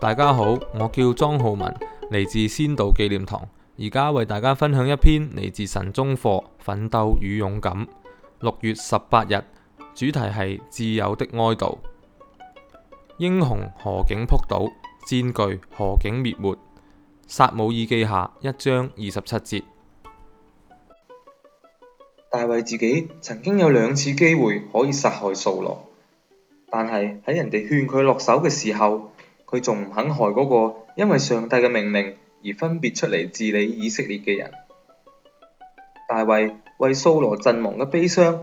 大家好，我叫莊浩文，嚟自仙道紀念堂，而家為大家分享一篇嚟自神中課《奮鬥與勇敢》。六月十八日，主題係摯友的哀悼，英雄何竟仆倒，戰具何竟滅沒。撒母耳記下一章二十七節。大衛自己曾經有兩次機會可以殺害掃羅，但係喺人哋勸佢落手嘅時候，佢仲唔肯害嗰個因為上帝嘅命令而分別出嚟治理以色列嘅人。大衛為掃羅陣亡嘅悲傷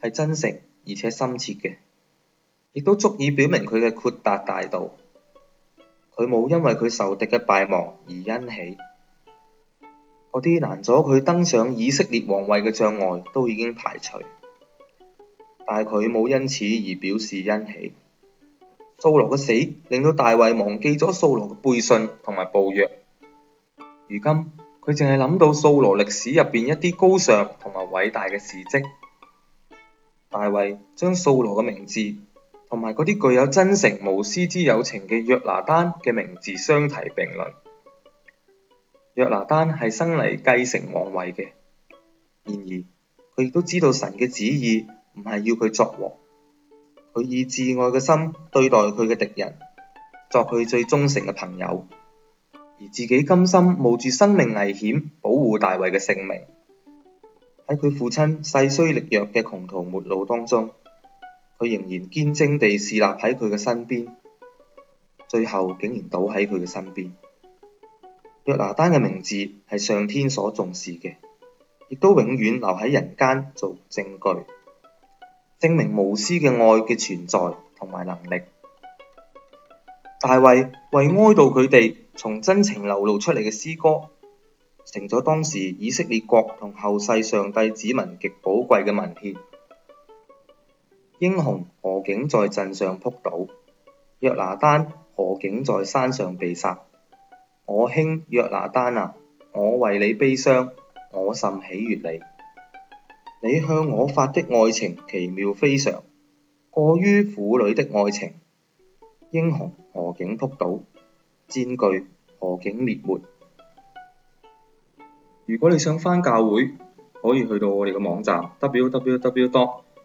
係真誠而且深切嘅，亦都足以表明佢嘅豁達大度。佢冇因為佢受敵嘅敗亡而欣喜，嗰啲難阻佢登上以色列王位嘅障礙都已經排除，但佢冇因此而表示欣喜。掃羅嘅死令到大衛忘記咗掃羅嘅背信同埋暴虐，如今佢淨係諗到掃羅歷史入邊一啲高尚同埋偉大嘅事蹟。大衛將掃羅嘅名字同埋嗰啲具有真誠無私之友情嘅約拿單嘅名字相提並論。約拿單係生嚟繼承王位嘅，然而佢亦都知道神嘅旨意唔係要佢作王，佢以摯愛嘅心對待佢嘅敵人，作佢最忠誠嘅朋友，而自己甘心冒住生命危險保護大衛嘅性命，喺佢父親勢衰力弱嘅窮途末路當中。佢仍然堅貞地侍立喺佢嘅身邊，最後竟然倒喺佢嘅身邊。約拿單嘅名字係上天所重視嘅，亦都永遠留喺人間做證據，證明無私嘅愛嘅存在同埋能力。大衛為哀悼佢哋從真情流露出嚟嘅詩歌，成咗當時以色列國同後世上帝子民極寶貴嘅文獻。英雄何竟在陣上仆倒，約拿單何竟在山上被殺。我兄約拿單啊，我為你悲傷，我甚喜悦你。你向我發的愛情奇妙非常，過於婦女的愛情。英雄何竟仆倒，戰具何竟滅沒。如果你想翻教會，可以去到我哋嘅網站 w w w d